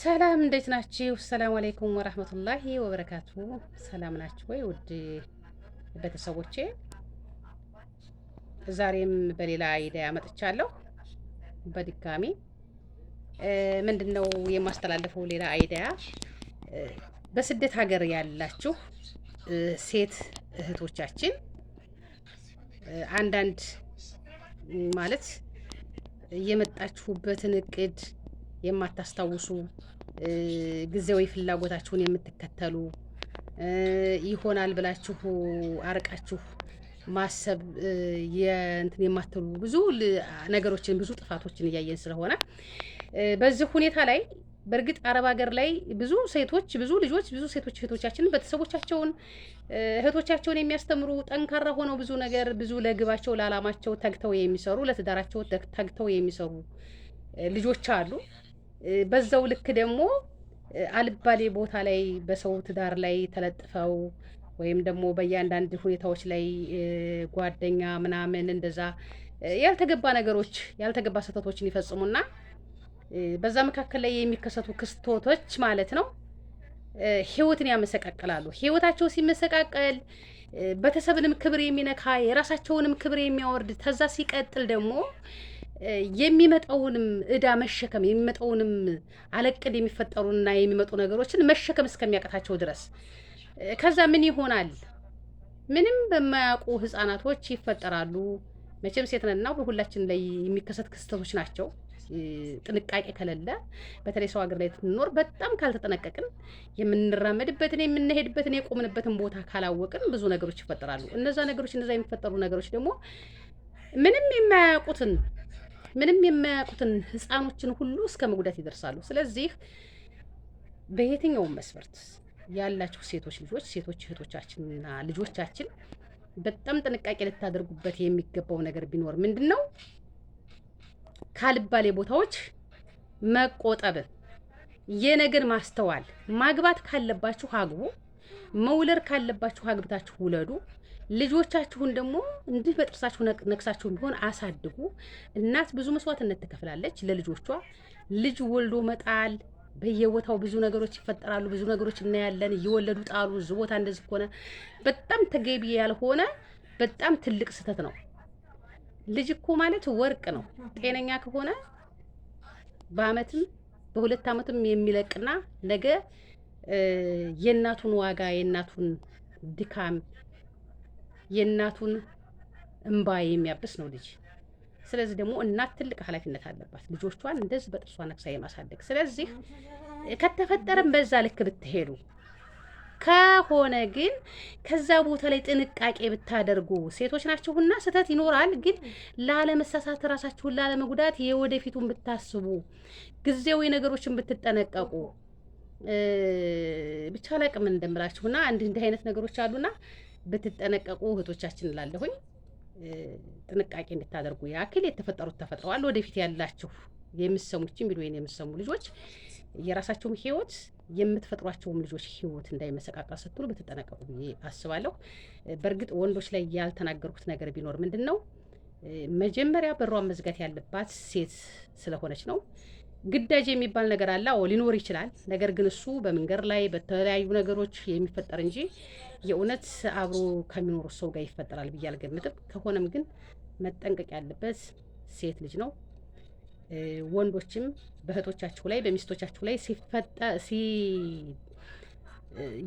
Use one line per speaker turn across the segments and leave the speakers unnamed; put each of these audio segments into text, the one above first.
ሰላም እንዴት ናችሁ? ሰላም አለይኩም ወራህመቱላሂ ወበረካቱ። ሰላም ናችሁ ወይ ውድ ቤተሰቦቼ? ዛሬም በሌላ አይዲያ ያመጥቻለሁ። በድጋሚ ምንድነው የማስተላለፈው ሌላ አይዲያ በስደት ሀገር ያላችሁ ሴት እህቶቻችን አንዳንድ ማለት የመጣችሁበትን እቅድ የማታስታውሱ ጊዜያዊ ፍላጎታችሁን የምትከተሉ ይሆናል ብላችሁ አርቃችሁ ማሰብ የእንትን የማትሉ ብዙ ነገሮችን ብዙ ጥፋቶችን እያየን ስለሆነ በዚህ ሁኔታ ላይ በእርግጥ አረብ ሀገር ላይ ብዙ ሴቶች ብዙ ልጆች ብዙ ሴቶች እህቶቻችንን ቤተሰቦቻቸውን እህቶቻቸውን የሚያስተምሩ ጠንካራ ሆነው ብዙ ነገር ብዙ ለግባቸው ለዓላማቸው ተግተው የሚሰሩ ለትዳራቸው ተግተው የሚሰሩ ልጆች አሉ። በዛው ልክ ደግሞ አልባሌ ቦታ ላይ በሰው ትዳር ላይ ተለጥፈው ወይም ደግሞ በእያንዳንድ ሁኔታዎች ላይ ጓደኛ ምናምን እንደዛ ያልተገባ ነገሮች ያልተገባ ስህተቶችን ይፈጽሙና በዛ መካከል ላይ የሚከሰቱ ክስቶቶች ማለት ነው ህይወትን ያመሰቃቅላሉ። ህይወታቸው ሲመሰቃቀል ቤተሰብንም ክብር የሚነካ የራሳቸውንም ክብር የሚያወርድ ተዛ ሲቀጥል ደግሞ የሚመጣውንም እዳ መሸከም የሚመጣውንም አለቅድ የሚፈጠሩና የሚመጡ ነገሮችን መሸከም እስከሚያቀታቸው ድረስ ከዛ ምን ይሆናል? ምንም በማያውቁ ህጻናቶች ይፈጠራሉ። መቼም ሴት ነንና በሁላችን ላይ የሚከሰት ክስተቶች ናቸው። ጥንቃቄ ከሌለ በተለይ ሰው ሀገር ላይ ትንኖር በጣም ካልተጠነቀቅን የምንራመድበትን የምንሄድበትን የቆምንበትን ቦታ ካላወቅን ብዙ ነገሮች ይፈጠራሉ። እነዛ ነገሮች እነዛ የሚፈጠሩ ነገሮች ደግሞ ምንም የማያውቁትን ምንም የማያውቁትን ህፃኖችን ሁሉ እስከ መጉዳት ይደርሳሉ። ስለዚህ በየትኛውም መስፈርት ያላችሁ ሴቶች ልጆች ሴቶች እህቶቻችንና ልጆቻችን በጣም ጥንቃቄ ልታደርጉበት የሚገባው ነገር ቢኖር ምንድን ነው? ካልባሌ ቦታዎች መቆጠብ፣ የነገር ማስተዋል። ማግባት ካለባችሁ አግቡ። መውለድ ካለባችሁ አግብታችሁ ውለዱ። ልጆቻችሁን ደግሞ እንዲህ በጥርሳችሁ ነክሳችሁ ቢሆን አሳድጉ። እናት ብዙ መስዋዕትነት ትከፍላለች ለልጆቿ። ልጅ ወልዶ መጣል በየቦታው ብዙ ነገሮች ይፈጠራሉ። ብዙ ነገሮች እናያለን። እየወለዱ ጣሉ፣ እዚህ ቦታ እንደዚህ ከሆነ በጣም ተገቢ ያልሆነ በጣም ትልቅ ስህተት ነው። ልጅ እኮ ማለት ወርቅ ነው። ጤነኛ ከሆነ በአመትም በሁለት አመትም የሚለቅና ነገ የእናቱን ዋጋ የእናቱን ድካም የእናቱን እምባ የሚያብስ ነው ልጅ። ስለዚህ ደግሞ እናት ትልቅ ኃላፊነት አለባት ልጆቿን እንደዚህ በጥርሷ ነክሳ የማሳደግ። ስለዚህ ከተፈጠረም በዛ ልክ ብትሄዱ ከሆነ ግን ከዛ ቦታ ላይ ጥንቃቄ ብታደርጉ፣ ሴቶች ናችሁና ስህተት ይኖራል። ግን ላለመሳሳት፣ ራሳችሁን ላለመጉዳት የወደፊቱን ብታስቡ፣ ጊዜያዊ ነገሮችን ብትጠነቀቁ ብቻ ላቅም እንደምላችሁና እንዲህ እንዲህ አይነት ነገሮች አሉና ብትጠነቀቁ እህቶቻችን እላለሁኝ። ጥንቃቄ እንድታደርጉ ያክል የተፈጠሩት ተፈጥረዋል። ወደፊት ያላችሁ ቢል ቪዲዮን የምሰሙ ልጆች የራሳቸውም ህይወት የምትፈጥሯቸውም ልጆች ህይወት እንዳይመሰቃቀል ስትሉ ብትጠነቀቁ ብዬ አስባለሁ። በእርግጥ ወንዶች ላይ ያልተናገርኩት ነገር ቢኖር ምንድን ነው፣ መጀመሪያ በሯን መዝጋት ያለባት ሴት ስለሆነች ነው። ግዳጅ የሚባል ነገር አለ። አዎ ሊኖር ይችላል። ነገር ግን እሱ በመንገድ ላይ በተለያዩ ነገሮች የሚፈጠር እንጂ የእውነት አብሮ ከሚኖር ሰው ጋር ይፈጠራል ብዬ አልገምትም። ከሆነም ግን መጠንቀቅ ያለበት ሴት ልጅ ነው። ወንዶችም በእህቶቻችሁ ላይ በሚስቶቻችሁ ላይ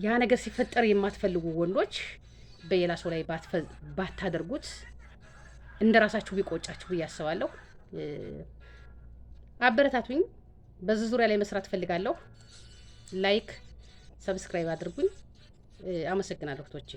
ያ ነገር ሲፈጠር የማትፈልጉ ወንዶች በሌላ ሰው ላይ ባታደርጉት እንደ ራሳችሁ ቢቆጫችሁ ብዬ አስባለሁ። አበረታቱኝ። በዚህ ዙሪያ ላይ መስራት እፈልጋለሁ። ላይክ፣ ሰብስክራይብ አድርጉኝ። አመሰግናለሁ ቶቼ